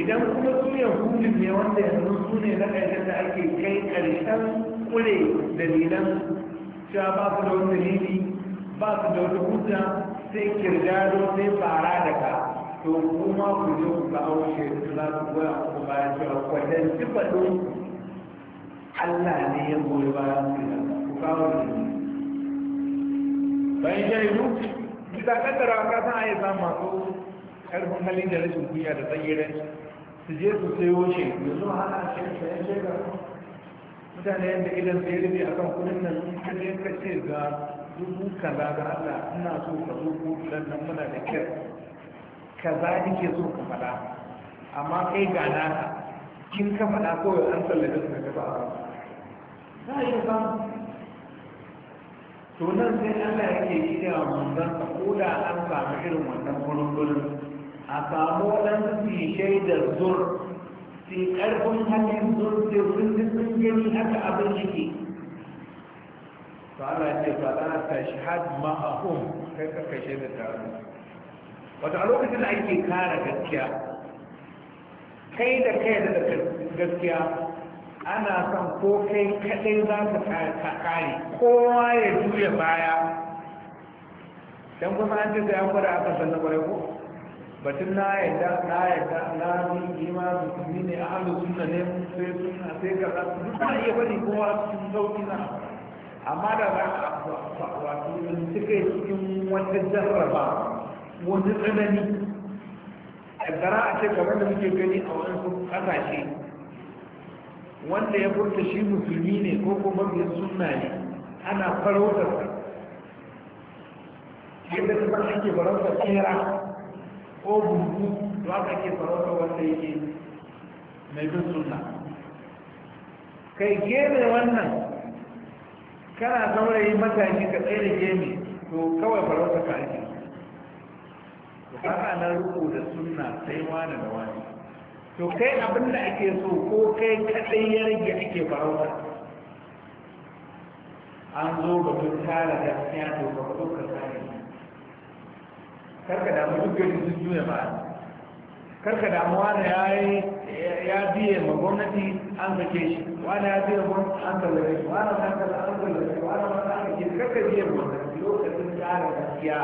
idan kuma su yahudin ne wanda yanzu su ne na ƙarshen da ake kai ƙarshen kule dalilan cewa ba su da wani rini ba su da wani hujja sai kirjado sai fara da ka to kuma ku je ku ga aure su za su goya ku bayan cewa kwatanci faɗo Allah ne ya goyi ya su da ku ka wani ni bayan shaidu bisa kaddara ka san a yi masu karfin halin da rashin kuya da tsayyaren su je su sayo shi yanzu hana shi shayen shekaru mutane yadda idan zai rufe a kan kudin nan sun kaje kace ga dubu kaza ga Allah ina so ka zo ko dan nan muna da kyar kaza ke so ka faɗa amma kai ga na kin ka faɗa kawai an sallame su daga ba za a yi ba to nan sai Allah yake yi da manzon ka ko da an samu irin wannan gurin gurin a samu wannan su yi shaidar zur sai ƙarfin hannun zurfe sun sun gani haka abin yake to Allah ce ba za ta shahad ma'ahum kai ka kashe da tare Wata a lokacin da ake kara gaskiya kai da kai da gaskiya ana son ko kai kaɗai za ka kare kowa ya juya baya Don kuma an ce da ya gwada aka sannan kwarai ko batun na yadda na yadda na ni ma musulmi ne a hannun suna ne sai sunna sai kaza duk ba iya bari kowa cikin sauki na amma da ba wato in suka yi cikin wata jarraba wani tsanani kaddara a ce kamar da muke gani a wani kasashe wanda ya furta shi musulmi ne ko kuma bai suna ne ana farautar yadda ta ake farautar kera. ko bugu to haka ke farauta wanda yake mai bin suna kai geme wannan kana saurayi matashi ka tsaye geme to kawai farauta ka ake ba haka na riko da suna sai wani da wani to kai abin da ake so ko kai kadai ya rage ake farauta an zo tun tara gaskiya to ba ku ɗaukar sani karka damu duk sun juya ba karka damu wani ya biye ma gwamnati an zake shi wani ya biye gwamnati an zallare shi wani ya kalla an zallare shi wani ya kalla ke karka biye gwamnati lokacin tsarin gaskiya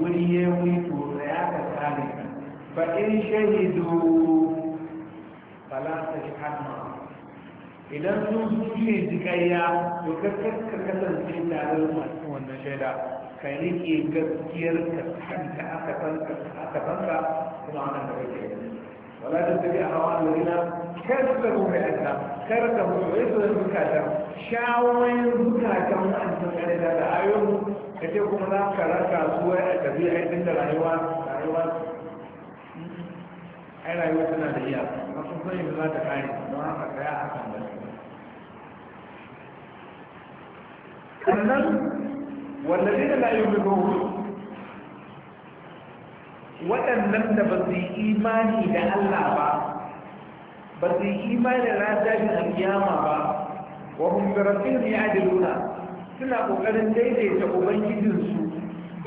wuri ya wuri to na ya ka tsare ba in shahidu fala ta hannu idan sun zuciye jikayya to karka kasance tare da masu wannan shaida ka rike gaskiyar ka kanta aka sanka aka sanka kuma anan da kake wala da tabi a hawa alladina kar ka mu bi Allah kar ka mu bi sunan zukatan shawayin zukatan wa'annan kare da da ayoyin ka ce kuma za ka raka su wai a tabi'a din da rayuwa rayuwa ai rayuwa tana da iya masu sani da za ta kare don haka kaya a kan da sannan والذين لا يؤمنون waɗannan da ba su yi imani da Allah ba ba su yi imani da ranar alkiyama ba wa hum bi da ya'diluna suna ƙoƙarin daidaita ubangijinsu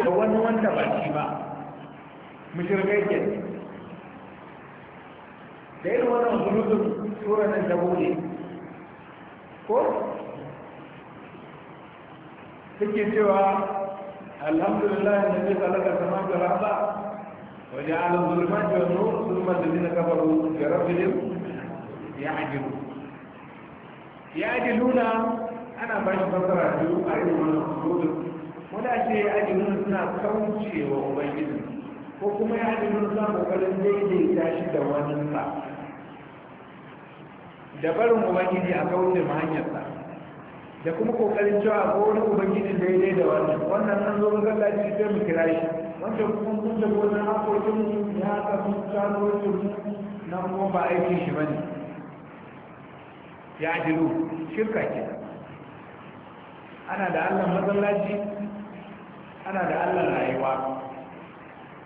da wani wanda ba shi ba mushrikai ke da irin wannan zulubin sura nan ta ko suke cewa alhamdulillah da zai tsalaka sama da raba wajen alam zulman da wani zulman da zina kafaru da ne? ya ajiyu ya ajiluna ana ba shi fasara biyu a yi wannan rudu wanda ake ya ajiluna suna kaucewa ubangiji ko kuma ya ajiluna suna kokarin daidaita shi da wani sa da barin ubangiji a hanyar sa da kuma kokarin cewa ko wani ubangiji daidai da wannan wannan an zo ga lati sai mu kira shi wanda kuma mun da wannan hakokin mu ya ka mun tsaro shi na kuma ba aikin shi bane ya jiru. shirka ke ana da Allah masallaci ana da Allah rayuwa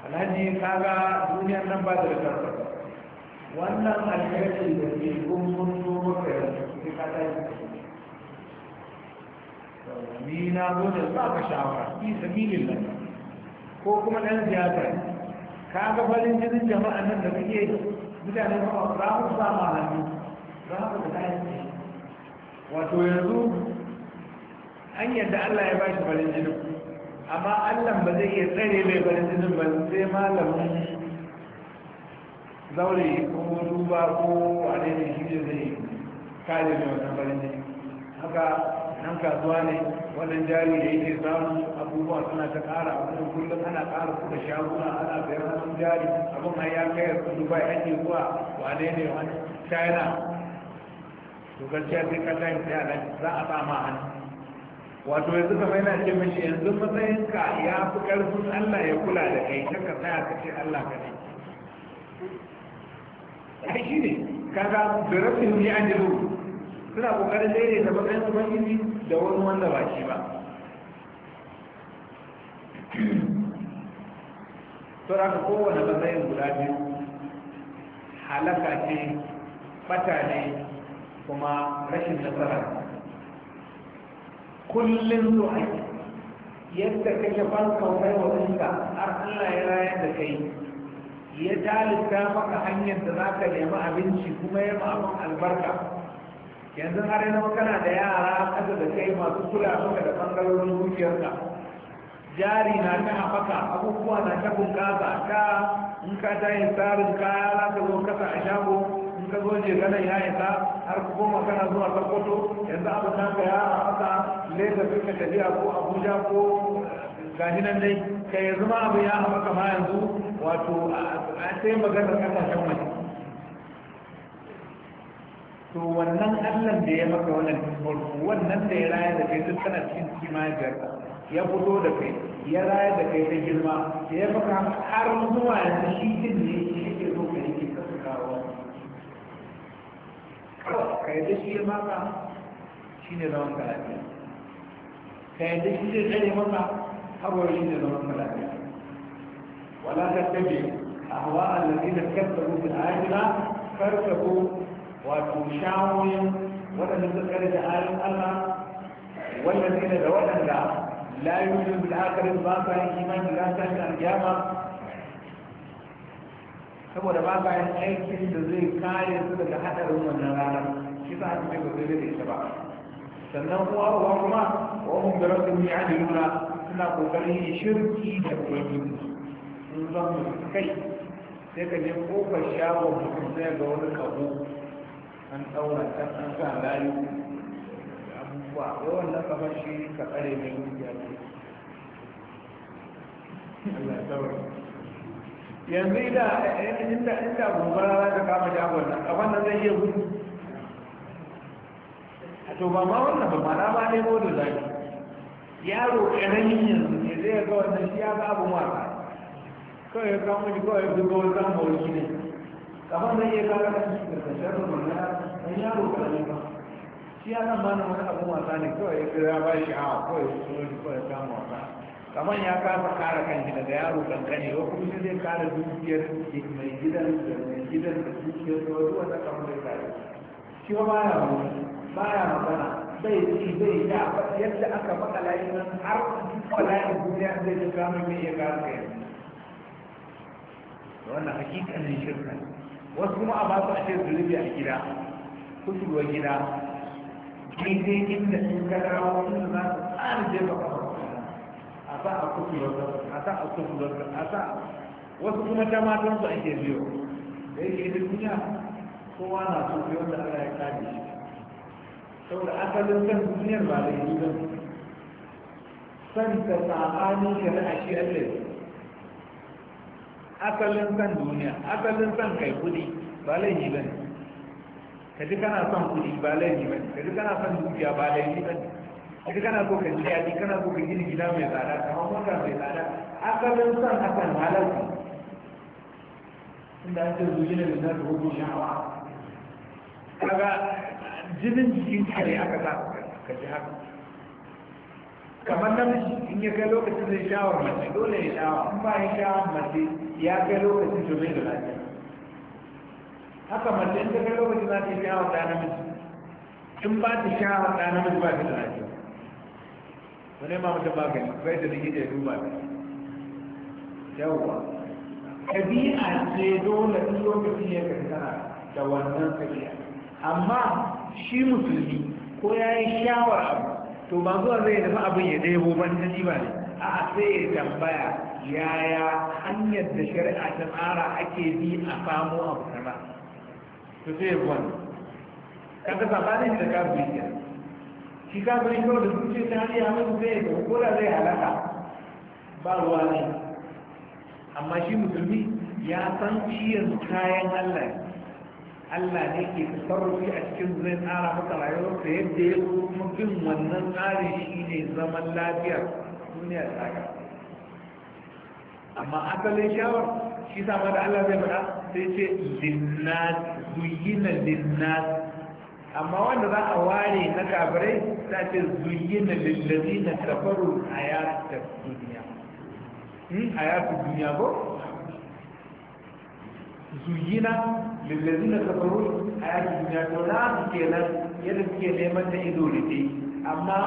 alhaji kaga duniyar nan ba da karfa wannan alheri da ke kun mun zo maka yanzu ka ta yi mina na ba ka shawara fi sabilin lafi ko kuma ɗan siyasa ka ga farin jinin jama'a nan da kake mutane ba za mu sa ma hannu za mu da kayan ce wato yanzu an yadda Allah ya bashi farin jinin amma Allah ba zai iya tsare mai farin jinin ba sai malamin zaure ko duba ko a daidai shi ne zai kare mai wannan farin jinin haka nan kasuwa ne wannan jari da yake samu abubuwa suna ta ƙara kuma kullum ana ƙara da shaguna ana sayar da wani jari abin har ya kai su dubai an yi zuwa wane ne wani china to gaskiya sai ka tashi sai nan za a sama hannu wato yanzu ka mai na ce mashi yanzu matsayinka ya fi ƙarfin allah ya kula da kai ta ka tsaya ka ce allah ka ne ai shi ne kaga da rafin ya an jiru suna kokarin daidaita matsayin ubangiji da wani wanda ba shi ba to da kowane matsayin guda biyu halaka ce bata ne kuma rashin nasara kullum su yadda kake farka kawai wa har Allah ya raya da kai ya dalita maka hanyar da za ka nemi abinci kuma ya ma albarka yanzu har yanzu kana da yara kasa da kai masu kula maka da bangarorin dukiyarka jari na ta haɓaka abubuwa na ta bunƙasa ka in ka ta yi tsarin kaya za ka zo kasa a shago in ka zo je gana ya ta har ku koma kana zuwa sakkwato yanzu abu ta ka a haɓaka leta fi ka tafiya ko abuja ko gashi nan dai ka yanzu ma abu ya haɓaka ma yanzu wato a sai maganar ƙasashen waje to wannan allan da ya maka wannan tumbol wannan da ya raya da kai duk kana cikin kimajiyar ya fito da kai ya raya da kai ta girma da ya maka har zuwa yanzu shi din ne shi yake zo ka yake ka kawo ka yi da shi ya maka shi ne zaman ka lafiya ka yadda shi zai tsare maka har wani shi ne zaman ka lafiya wala ta tabi ahwa alladhina kazzabu bil akhirah ko. wato shawoyin waɗanda suka kare da Allah, Allah zai da waɗanda layu yu'minu la'akarin akhirati ba sa yin imani la ta ta saboda ba sa yin aikin da zai kare su daga hadarin wannan ranar, shi sa aka ce ba zai da ita ba sannan uwa uwa kuma wa hum bi rabbihim ya'diluna suna kokarin shirki da ubangiji sun zama kai sai ka je kofar shagon mutum sai ga wani kabo an ɗaura can an sa layu abubuwa yawan na kamar shi ka tsare mai dukiya ce Allah tsawar yanzu ida inda inda gobara za ta kama jagon nan a wannan zai iya gudu a to ba ma wannan ba na ba ne zaki yaro ƙaramin yanzu ne zai ga wannan shi ya ga abin wasa kawai ya kama shi kawai ya zuba wani kama wani ne kamar zai iya kama shi da tashar rumuna wani yaro ba shi ya nan wani abin wasa ne kawai ya kira ba shi hawa kawai ya tsoro shi kawai samu wasa kamar ya kasa kare kanshi daga yaro kankani ko kuma shi zai kare dukiyar mai gidan da mai gidan da dukiyar da wani wata kamar da kare shi ba baya baya magana bai ci bai da yadda aka faɗa layin nan har kwalayin duniya zai ji kamun mai iya kare kai wannan hakikanin shirka wasu kuma a ba su a ce zulubi a gida kusurwa gida daidai inda in ka dawo inda za ka tsara jefa kafa a sa a kusurwa a sa a kusurwa a sa wasu kuma ta matan su ake biyo da yake ita duniya kowa na so sai wanda Allah ya kare shi saboda asalin san duniyar ba da yi ba san ta tsakanin shari'a shi Allah asalin san duniya asalin san kai kudi ba laifi ba ne ka ji kana son kuɗi ba laifi ba ka ji kana son dukiya ba laifi ba ka ji kana so ka ji daɗi kana so ka gina gida mai tsada kamar mota mai tsada asalin son hakan halarci inda ake zuwa ne da zai rubu sha'awa kaga jinin jikin kare aka sa ka ji haka kamar namiji in ya kai lokacin zai shawar mace dole ya shawar in ba ya shawar mace ya kai lokacin domin da lafiya haka mace in ta lokaci za ta yi shawar da namiji in ba ta shawar da namiji ba ta da ba wani ma mutum magani bai da da ya duba ta yawwa ɗabi'a ce dole in lokaci ya kai da wannan ɗabi'a amma shi musulmi ko ya yi shawar abu to ba zuwa zai dafa abin ya ɗebo ban ta ba ne a sai ya tambaya yaya hanyar da shari'a ta tsara ake bi a samu abu to sai ya wani kaga sabanin da kafiri ke shi kafiri ko da zuciya ta ya hannun sai ya zama koda zai halaka ba ruwa ne amma shi musulmi ya san ciyan kayan allah allah ne ke sarrafi a cikin zai tsara maka ta yadda ya zo kuma bin wannan tsarin shi ne zaman lafiyar duniya ta amma asalin shawar shi sama da allah zai faɗa sai ce linnas zuyina linnas amma wanda za a ware na kafirai ta ce zuyina lillazi na kafaru a yatar duniya hmm, a yatar duniya ko zuyina lillazi na kafaru a yatar duniya to na su nan, yadda suke neman ta ido da dai amma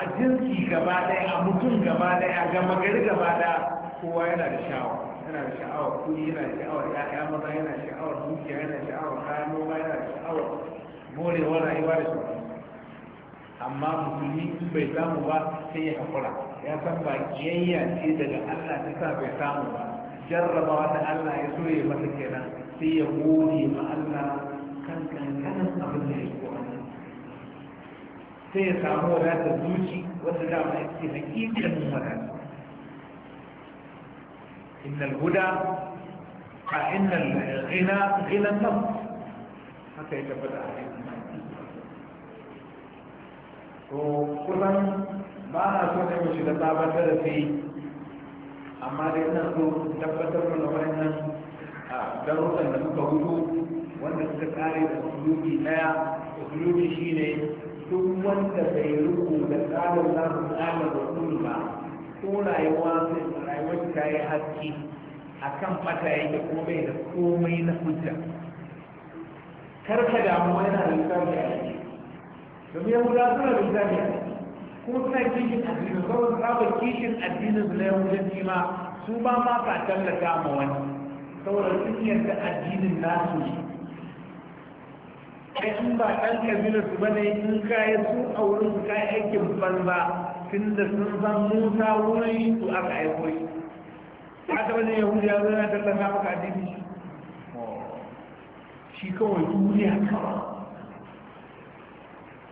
a jinsi gaba daya a mutum gaba daya a gama gari gaba daya kowa yana da shawara yana sha'awar kuɗi yana sha'awar ya'ya maza yana sha'awar dukiya yana sha'awar kayan noma yana sha'awar morewar rayuwa da su amma musulmi in bai samu ba sai ya haƙura ya san ba kiyayya ce daga allah ta sa bai samu ba jarrabawa da allah ya so ya masa kenan sai ya gode ma allah kan kankanin abin da ya so sai ya samu wadatar zuci wanda dama ya ce hakikanin wadatar إن الهدى إن الغنى غنى النفس حتى يتبدأ to kusan ba na so ne mu shiga sabon darasi amma dai ina so tabbatar mana wannan darussan da muka hudu wanda suka tsare da usulubi daya usulubi shine duk wanda bai rubu da tsarin da ba ko rayuwa sai rayuwar ta yi haske kan mata yi kuma bai da komai na hujja karka damuwa yana da lissafi a ciki domin za suna da lissafi a ciki kuma suna kishin addinin kawai sabon kishin addinin su na yahudanci ma su ba ma ka tallata ma wani saboda sun yadda addinin nasu ne kai in ba ɗan kabilar su bane in kayan su a wurin su kayan aikin banza tun da sun san musa wuri su aka aiko shi haka wani yahudi ya zo yana tallafa maka addini shi shi kawai duniya kawai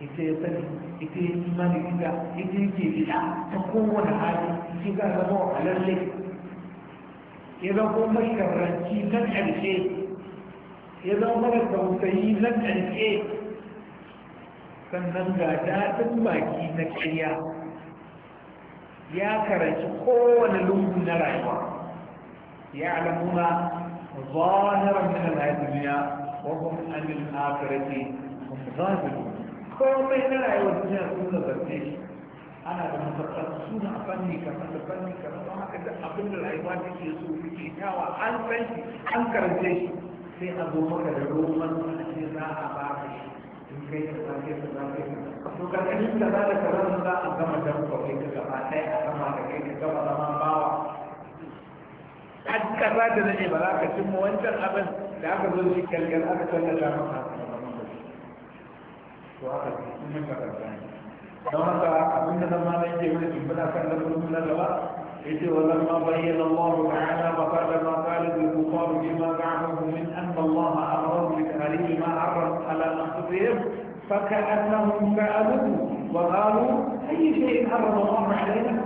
ita ya sani ita ya yi mani ita ita ya ke fita ta kowane hali shi ka zama wa halalle ya zama kuma mai karranci na ƙarshe ya zama mara tausayi na ƙarshe sannan ga daɗin baki na ƙarya ya karanci kowane lungu na rayuwa ya alamuna zahiran min alhaji duniya wa hum an al-akhirati hum zahirun komai na rayuwar duniya sun zarce shi ana da matakar suna a fanni kamar da fanni kamar don haka da abin da rayuwa ta ke so ke tawa an san shi an karance shi sai a zo maka da roman wani za a ba ka shi in kai ta zafi ta zafi ka to karkashin ka za da kaza za a gama jan kwafi ka gaba ɗaya a gama da kai ka gama zaman bawa an kaza da nake ba za ka cimma wancan abin da aka zo shi kyalkyal aka tallata maka to haka kuma ka karkashin don haka abin da zama na yake wani tumbuna kan da kuma na gaba yace wa lamma bayyana Allah ta'ala wa qala ma qala al kufar bima za'amu min anna Allah amara bi tahrim ma harram ala anfusihim فكأنهم سألوا وقالوا أي شيء حرم الله علينا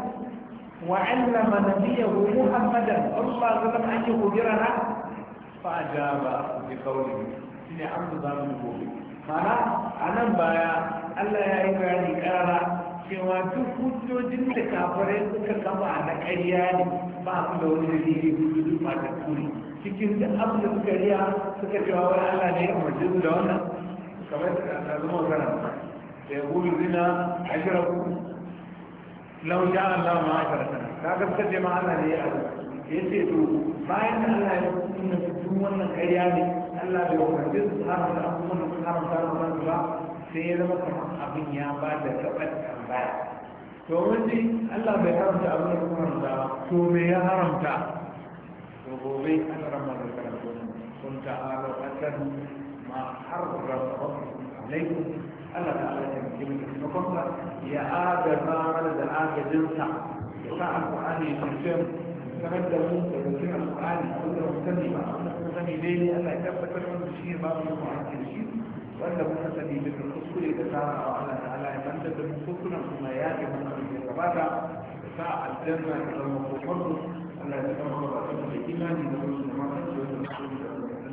وعلم نبيه محمدا الله قد أن يخبرنا فأجاب بقوله إني عبد الله من قولي قال أنا بايا ألا يا إبراهيم كارا سوى تفوتو جن لكافرين كما أنا كرياني ما أقول لهم لي ما تقولي سكين أبن الكريان سكتوا الله لي أمجد kamar da ta zama kana da ya gudu zina ashira ku lau sha Allah ma ashira sana ka gaskar da ma Allah ne ya ya ce to bayan da Allah ya kunna duk wannan ƙarya ne Allah bai umarce su haramta abubuwan da da haramta haramta ba sai ya zama kamar abin ya ba da gabar tambaya to wani Allah bai haramta abin da kuma haramta ba. to me ya haramta to gobe an ramar da karatu sun ta'ala ƙasar ما حرم ربكم عليكم ألا تعالى يمكنكم فقط يا ما ولد آدم جنسا يقع القرآن يترجم تمدى موسى يترجم القرآن كل مستني ما أخذني ليلي ألا يتبت لهم بشير ما بيقوم عن بشير وأن مستني بالرسول إذا تعالى على على من تدرم سكنا ثم يأتي من أمين الربادة ساعة الجنة إلى المفروض ألا يتبت لهم الإيمان إذا كنت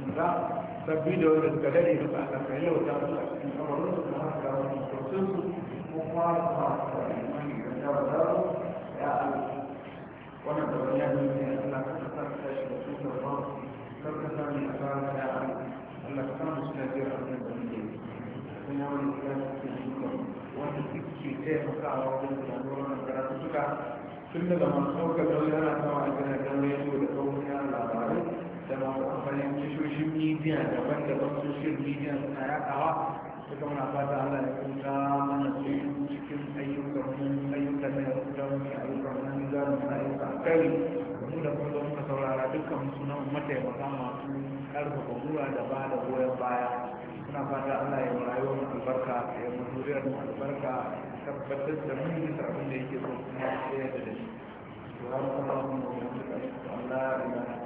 مرحبا sabbi da wanda suka dare duka a kan yau da a cikin kamarun su na haka wani sosai su kuma masu da imani da yawa da ya ala wannan da wani yanzu ne Allah ka kasa ta shi da su da kar ka sa mai asara ya ala Allah ka samu suna jira a wani da muke sun yawon da ya suke shuka wanda suke taimakawa wajen jagora na karatu suka tun daga masu ɗaukar daular ana sama a gina daular yau da ɗaukar labarai da masu amfanin tashoshin midiya daban-daban social media suna yakawa suka muna fata Allah ya kuta mana su cikin ayyukan mun ayyukan na yau da mun ayyukan mun za mu ayyukan kai mu da kuma muka saurara dukkan sunan mataimaka masu karfafa gura da ba da goyon baya suna fata Allah ya rayuwa mu albarka ya mu zuriyar mu albarka tabbatar da mun yi abin da yake so kuma ya yarda da shi. Subhanallahu wa bihamdihi, la ilaha